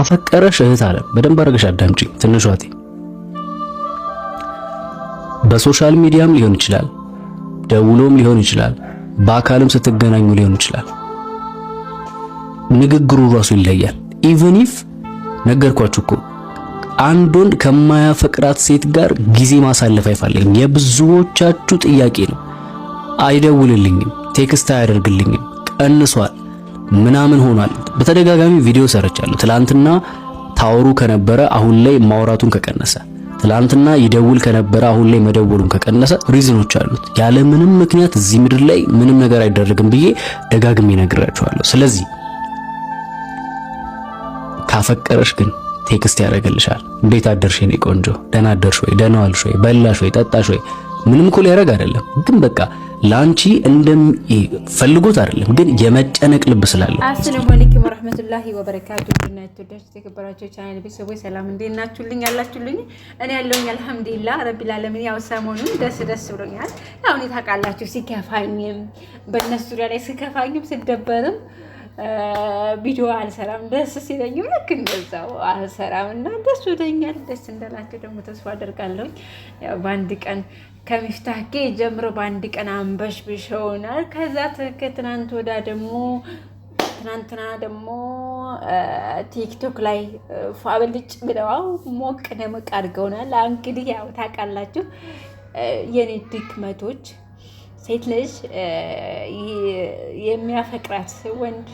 አፈቀረሽ እህት አለ። በደንብ አድርገሽ አዳምጪ ትንሿ በሶሻል ሚዲያም ሊሆን ይችላል፣ ደውሎም ሊሆን ይችላል፣ በአካልም ስትገናኙ ሊሆን ይችላል። ንግግሩ ራሱ ይለያል። ኢቭን ኢፍ ነገርኳችሁ እኮ አንድ ወንድ ከማያፈቅራት ሴት ጋር ጊዜ ማሳለፍ አይፈልግም። የብዙዎቻችሁ ጥያቄ ነው። አይደውልልኝም፣ ቴክስት አያደርግልኝም፣ ቀንሷል ምናምን ሆኗል። በተደጋጋሚ ቪዲዮ ሰርቻለሁ። ትላንትና ታወሩ ከነበረ አሁን ላይ ማውራቱን ከቀነሰ ትላንትና ይደውል ከነበረ አሁን ላይ መደወሉን ከቀነሰ ሪዝኖች አሉት። ያለ ምንም ምክንያት እዚህ ምድር ላይ ምንም ነገር አይደረግም ብዬ ደጋግሜ ነግራችኋለሁ። ስለዚህ ካፈቀረሽ ግን ቴክስት ያደርግልሻል። እንዴት አደርሽ የኔ ቆንጆ፣ ደህና አደርሽ ወይ፣ ደህና ዋልሽ ወይ፣ በላሽ ወይ፣ ጠጣሽ ወይ ምንም እኮ ሊያደርግ አይደለም፣ ግን በቃ ላንቺ እንደም ፈልጎት አይደለም፣ ግን የመጨነቅ ልብ ስላለው። አሰላሙ አለይኩም ወራህመቱላሂ ወበረካቱ። እና ተደስ የተከበራችሁ ቻናል ቤተሰቦች ሰላም እንዴት ናችሁልኝ? ያላችሁልኝ እኔ ያለሁኝ አልሐምዱሊላህ ረቢል ዓለሚን። ያው ሰሞኑን ደስ ደስ ብሎኛል። ያው እኔ ታውቃላችሁ፣ ሲከፋኝም በእነሱ ዙሪያ ላይ ሲከፋኝም ስደበርም ቪዲዮ አልሰራም። ደስ ሲለኝም ልክ እንደዛው አልሰራም እና ደስ ወደኛል። ደስ እንደላቸው ደግሞ ተስፋ አደርጋለሁኝ። በአንድ ቀን ከሚፍታኬ ጀምሮ በአንድ ቀን አንበሽ ብሸውናል። ከዛ ከትናንት ወዳ ደግሞ ትናንትና ደግሞ ቲክቶክ ላይ ፏብልጭ ብለዋው ሞቅ ደመቅ አድርገውናል። እንግዲህ ያው ታውቃላችሁ የኔ ድክመቶች ሴት ልጅ የሚያፈቅራት ወንድ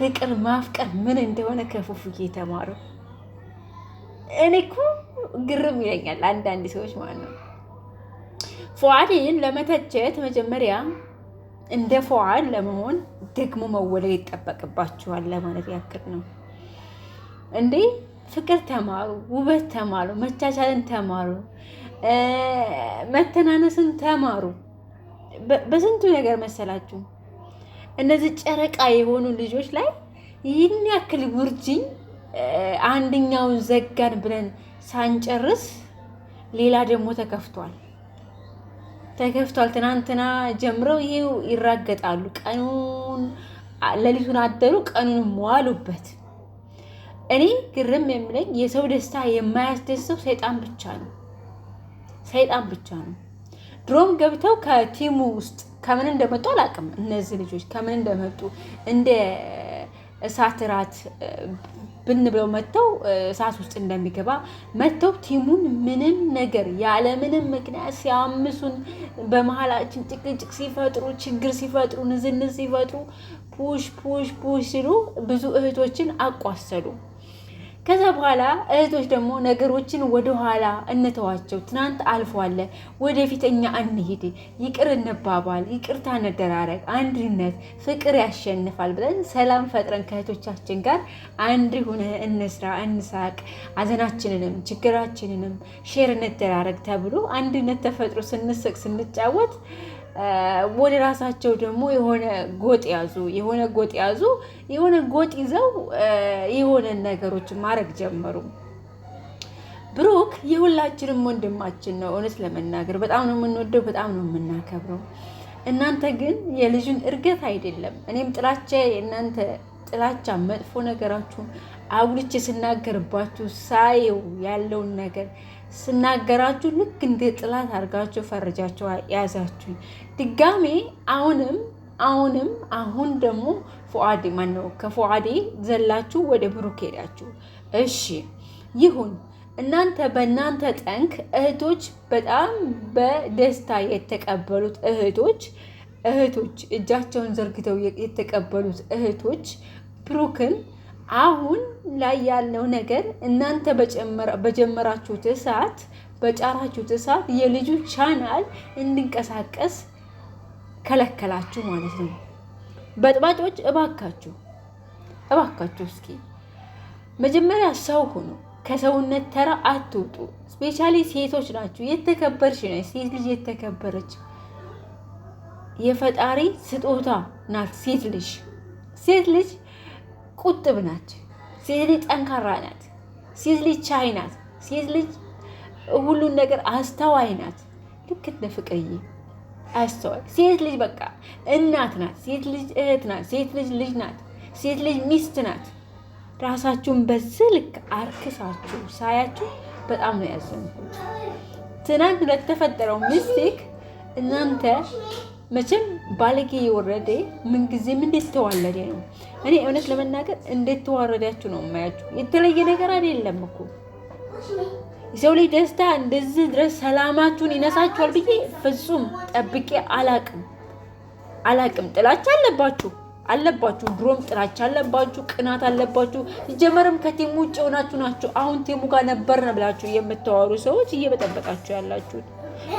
ፍቅር ማፍቀር ምን እንደሆነ ከፉፉዬ የተማረው እኔ እኮ ግርም ይለኛል። አንዳንድ ሰዎች ማለት ነው ፉአድን ለመተቸት መጀመሪያ እንደ ፉአድ ለመሆን ደግሞ መወለድ ይጠበቅባችኋል ለማለት ያክል ነው። እንዴ ፍቅር ተማሩ፣ ውበት ተማሩ፣ መቻቻልን ተማሩ፣ መተናነስን ተማሩ። በስንቱ ነገር መሰላችሁ እነዚህ ጨረቃ የሆኑ ልጆች ላይ ይህን ያክል ውርጅኝ አንድኛውን ዘጋን ብለን ሳንጨርስ ሌላ ደግሞ ተከፍቷል ተከፍቷል። ትናንትና ጀምረው ይሄው ይራገጣሉ። ቀኑን ሌሊቱን አደሩ፣ ቀኑን መዋሉበት። እኔ ግርም የምለኝ የሰው ደስታ የማያስደስተው ሰይጣን ብቻ ነው። ሰይጣን ብቻ ነው። ድሮም ገብተው ከቲሙ ውስጥ ከምን እንደመጡ አላውቅም። እነዚህ ልጆች ከምን እንደመጡ እንደ እሳት ራት ብን ብለው መጥተው እሳት ውስጥ እንደሚገባ መጥተው ቲሙን ምንም ነገር ያለምንም ምክንያት ሲያምሱን፣ በመሀላችን ጭቅጭቅ ሲፈጥሩ፣ ችግር ሲፈጥሩ፣ ንዝንዝ ሲፈጥሩ ፑሽ ፑሽ ፑሽ ሲሉ ብዙ እህቶችን አቋሰሉ። ከዛ በኋላ እህቶች ደግሞ ነገሮችን ወደኋላ እንተዋቸው። ትናንት አልፏል፣ ወደፊት እኛ ይቅር እንባባል፣ ይቅርታ እንደራረግ፣ አንድነት ፍቅር ያሸንፋል ብለን ሰላም ፈጥረን ከእህቶቻችን ጋር አንድ ሁነ እንስራ፣ እንሳቅ፣ አዘናችንንም ችግራችንንም ሼር እንደራረግ ተብሎ አንድነት ተፈጥሮ ስንስቅ ስንጫወት ወደ ራሳቸው ደግሞ የሆነ ጎጥ ያዙ የሆነ ጎጥ ያዙ የሆነ ጎጥ ይዘው የሆነ ነገሮች ማድረግ ጀመሩ። ብሩክ የሁላችንም ወንድማችን ነው። እውነት ለመናገር በጣም ነው የምንወደው፣ በጣም ነው የምናከብረው። እናንተ ግን የልጁን እርገት አይደለም እኔም ጥላቻ የእናንተ ጥላቻ መጥፎ ነገራችሁን አጉልቼ ስናገርባችሁ ሳየው ያለውን ነገር ስናገራችሁ ልክ እንደ ጥላት አድርጋችሁ ፈርጃችሁ ያዛችሁኝ። ድጋሜ አሁንም አሁንም አሁን ደግሞ ፉአዴ ማን ነው ከፉአዴ ዘላችሁ ወደ ብሩክ ሄዳችሁ። እሺ ይሁን እናንተ በእናንተ ጠንክ እህቶች በጣም በደስታ የተቀበሉት እህቶች እህቶች እጃቸውን ዘርግተው የተቀበሉት እህቶች ብሩክን አሁን ላይ ያለው ነገር እናንተ በጀመራችሁት እሳት በጫራችሁት እሳት የልጁ ቻናል እንዲንቀሳቀስ ከለከላችሁ ማለት ነው። በጥባጮች እባካችሁ እባካችሁ እስኪ መጀመሪያ ሰው ሆኖ ከሰውነት ተራ አትውጡ። ስፔሻሊ ሴቶች ናችሁ፣ የተከበርሽ ነች ሴት ልጅ የተከበረች የፈጣሪ ስጦታ ናት ሴት ልጅ ሴት ልጅ ቁጥብ ናት። ሴት ልጅ ጠንካራ ናት። ሴት ልጅ ቻይ ናት። ሴት ልጅ ሁሉን ነገር አስተዋይ ናት። ልክ እንደ ፍቅርዬ አስተዋይ ሴት ልጅ በቃ እናት ናት። ሴት ልጅ እህት ናት። ሴት ልጅ ልጅ ናት። ሴት ልጅ ሚስት ናት። ራሳችሁን በዚህ ልክ አርክሳችሁ ሳያችሁ በጣም ነው ያዘንኩት። ትናንት ለተፈጠረው ሚስቲክ እናንተ መቼም ባለጌ የወረደ ምንጊዜም እንዴት ተዋለደ ነው። እኔ እውነት ለመናገር እንዴት ተዋረዳችሁ ነው የማያችሁ። የተለየ ነገር አይደለም እኮ የሰው ልጅ ደስታ እንደዚህ ድረስ ሰላማችሁን ይነሳችኋል ብዬ ፍጹም ጠብቄ አላቅም አላቅም። ጥላቻ አለባችሁ አለባችሁ ድሮም ጥላቻ አለባችሁ፣ ቅናት አለባችሁ። ሲጀመርም ከቴሙ ውጭ የሆናችሁ ናችሁ። አሁን ቴሙ ጋር ነበር ነው ብላችሁ የምታወሩ ሰዎች እየበጠበቃችሁ ያላችሁት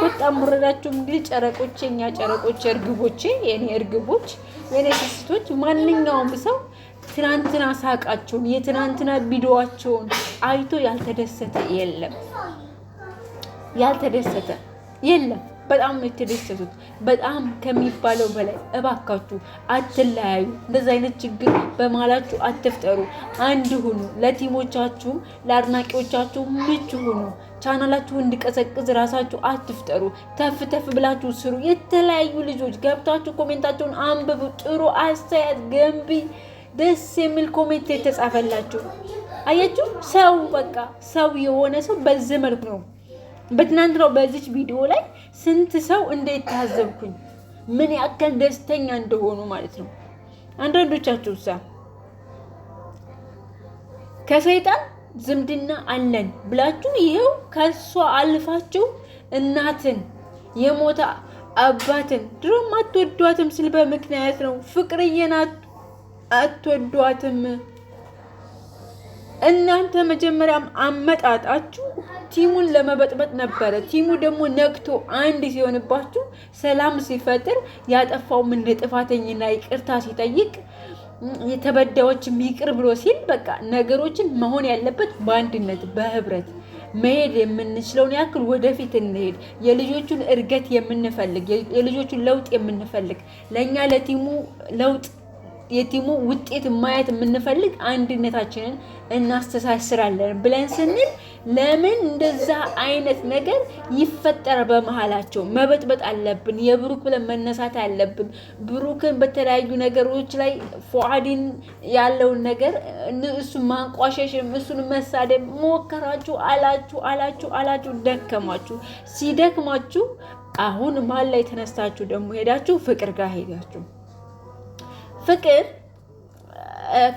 በጣም ወረዳችሁም እንግዲህ ጨረቆቼ፣ እኛ ጨረቆቼ፣ እርግቦቼ፣ የኔ እርግቦች፣ የኔ ስስቶች፣ ማንኛውም ሰው ትናንትና ሳቃቸውን የትናንትና ቪዲዮዋቸውን አይቶ ያልተደሰተ የለም፣ ያልተደሰተ የለም። በጣም ነው የተደሰቱት። በጣም ከሚባለው በላይ እባካችሁ አትለያዩ። እንደዚህ አይነት ችግር በማላችሁ አትፍጠሩ። አንድ ሁኑ። ለቲሞቻችሁም ለአድናቂዎቻችሁ ምቹ ሁኑ። ቻናላችሁ እንድቀሰቅዝ ራሳችሁ አትፍጠሩ። ተፍ ተፍ ብላችሁ ስሩ። የተለያዩ ልጆች ገብታችሁ ኮሜንታቸውን አንብቡ። ጥሩ አስተያየት፣ ገንቢ ደስ የሚል ኮሜንት የተጻፈላችሁ አያችሁ። ሰው በቃ ሰው የሆነ ሰው በዚህ መልኩ ነው በትናንትናው በዚች ቪዲዮ ላይ ስንት ሰው እንዴት ታዘብኩኝ፣ ምን ያክል ደስተኛ እንደሆኑ ማለት ነው። አንዳንዶቻችሁ ሳ ከሰይጣን ዝምድና አለን ብላችሁ ይኸው ከእሷ አልፋችሁ እናትን የሞተ አባትን ድሮም አትወዷትም ስል በምክንያት ነው። ፍቅርዬን አትወዷትም እናንተ መጀመሪያም አመጣጣችሁ ቲሙን ለመበጥበጥ ነበረ። ቲሙ ደግሞ ነቅቶ አንድ ሲሆንባችሁ ሰላም ሲፈጥር ያጠፋው ምን ጥፋተኝና ይቅርታ ሲጠይቅ የተበዳዎች ይቅር ብሎ ሲል በቃ ነገሮችን መሆን ያለበት በአንድነት በህብረት መሄድ የምንችለውን ያክል ወደፊት እንሄድ። የልጆቹን እድገት የምንፈልግ የልጆቹን ለውጥ የምንፈልግ ለእኛ ለቲሙ ለውጥ የቲሙ ውጤት ማየት የምንፈልግ አንድነታችንን እናስተሳስራለን ብለን ስንል ለምን እንደዛ አይነት ነገር ይፈጠረ በመሀላቸው መበጥበጥ አለብን? የብሩክ ብለን መነሳት አለብን። ብሩክን በተለያዩ ነገሮች ላይ ፎአዲን ያለውን ነገር እሱ ማንቋሸሽም እሱን መሳደብ ሞከራችሁ፣ አላችሁ አላችሁ አላችሁ፣ ደከማችሁ። ሲደክማችሁ አሁን ማን ላይ ተነስታችሁ ደግሞ ሄዳችሁ ፍቅር ጋር ሄዳችሁ ፍቅር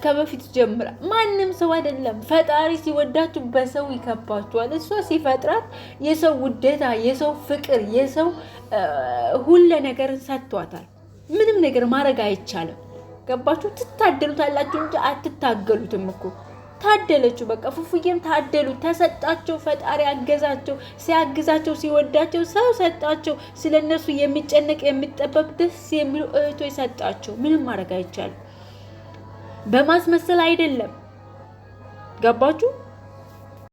ከበፊት ጀምራ ማንም ሰው አይደለም። ፈጣሪ ሲወዳችሁ በሰው ይከባችኋል። እሷ ሲፈጥራት የሰው ውዴታ፣ የሰው ፍቅር፣ የሰው ሁለ ነገር ሰጥቷታል። ምንም ነገር ማድረግ አይቻልም። ገባችሁ? ትታደሉታላችሁ እንጂ አትታገሉትም እኮ ታደለችው። በቃ ፉፉዬም ታደሉ፣ ተሰጣቸው። ፈጣሪ አገዛቸው። ሲያግዛቸው፣ ሲወዳቸው ሰው ሰጣቸው። ስለ እነሱ የሚጨነቅ የሚጠበብ ደስ የሚሉ እህቶ ሰጣቸው። ምንም ማድረግ አይቻልም። በማስመሰል አይደለም። ገባችሁ?